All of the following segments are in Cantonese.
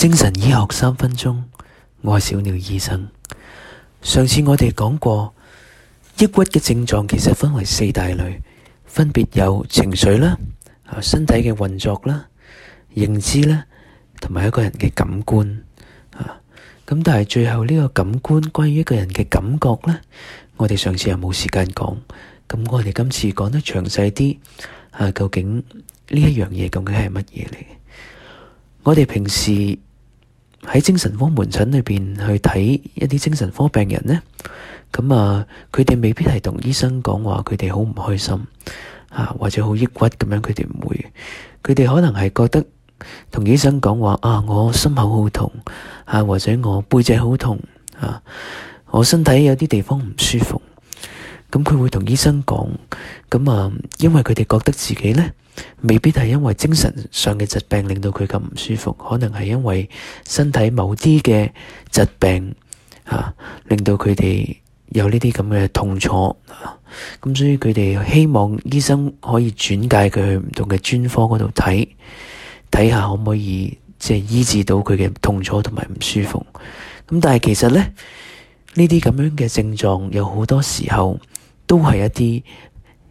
精神醫學三分鐘，我係小鳥醫生。上次我哋講過，抑鬱嘅症狀其實分為四大類，分別有情緒啦、身體嘅運作啦、認知啦，同埋一個人嘅感官啊。咁但係最後呢個感官關於一個人嘅感覺咧，我哋上次又冇時間講，咁我哋今次講得詳細啲啊。究竟呢一樣嘢究竟係乜嘢嚟？我哋平時。喺精神科門診裏邊去睇一啲精神科病人呢，咁啊，佢哋未必係同醫生講話，佢哋好唔開心啊，或者好抑鬱咁樣，佢哋唔會，佢哋可能係覺得同醫生講話啊，我心口好痛啊，或者我背脊好痛啊，我身體有啲地方唔舒服。咁佢會同醫生講咁啊，因為佢哋覺得自己咧，未必係因為精神上嘅疾病令到佢咁唔舒服，可能係因為身體某啲嘅疾病嚇、啊、令到佢哋有呢啲咁嘅痛楚啊。咁所以佢哋希望醫生可以轉介佢去唔同嘅專科嗰度睇，睇下可唔可以即係醫治到佢嘅痛楚同埋唔舒服。咁但係其實咧呢啲咁樣嘅症狀有好多時候。都係一啲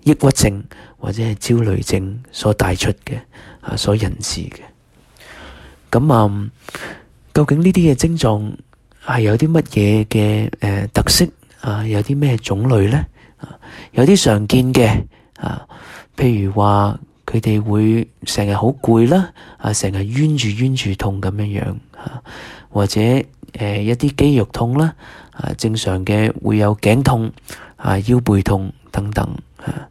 抑鬱症或者係焦慮症所帶出嘅啊，所引致嘅咁啊。究竟呢啲嘅症狀係有啲乜嘢嘅誒特色啊？有啲咩種類咧？有啲常見嘅啊，譬如話佢哋會成日好攰啦，啊，成日、啊啊、冤住冤住痛咁樣樣啊，或者誒、呃、一啲肌肉痛啦，啊，正常嘅會有頸痛，啊腰背痛等等啊，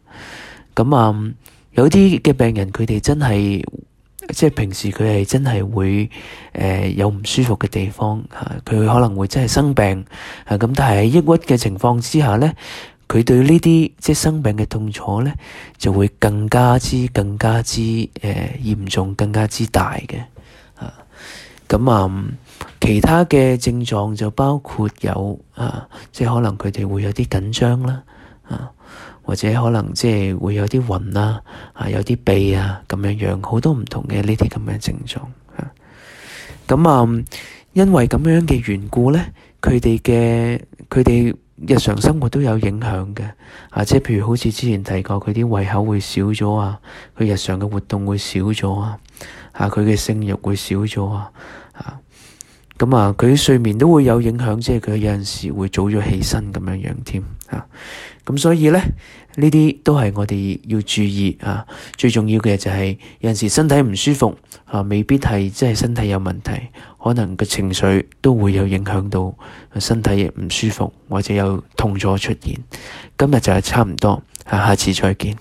咁、嗯、啊有啲嘅病人佢哋真係即係平時佢係真係會誒、呃、有唔舒服嘅地方吓，佢、啊、可能會真係生病啊，咁但係喺抑鬱嘅情況之下咧，佢對呢啲即係生病嘅痛楚咧就會更加之更加之誒嚴、呃、重，更加之大嘅啊，咁啊。嗯其他嘅症狀就包括有啊，即係可能佢哋會有啲緊張啦，啊，或者可能即係會有啲暈啦，啊，有啲鼻啊，咁樣樣好多唔同嘅呢啲咁嘅症狀。咁啊、嗯，因為咁樣嘅緣故咧，佢哋嘅佢哋日常生活都有影響嘅，啊，即係譬如好似之前提過，佢啲胃口會少咗啊，佢日常嘅活動會少咗啊，啊，佢嘅性欲會少咗啊。咁啊，佢睡眠都會有影響，即係佢有陣時會早咗起身咁樣樣添吓。咁啊，所以咧，呢啲都係我哋要注意啊。最重要嘅就係有陣時身體唔舒服啊，未必係即係身體有問題，可能個情緒都會有影響到身體亦唔舒服，或者有痛楚出現。今日就係差唔多吓，下次再見。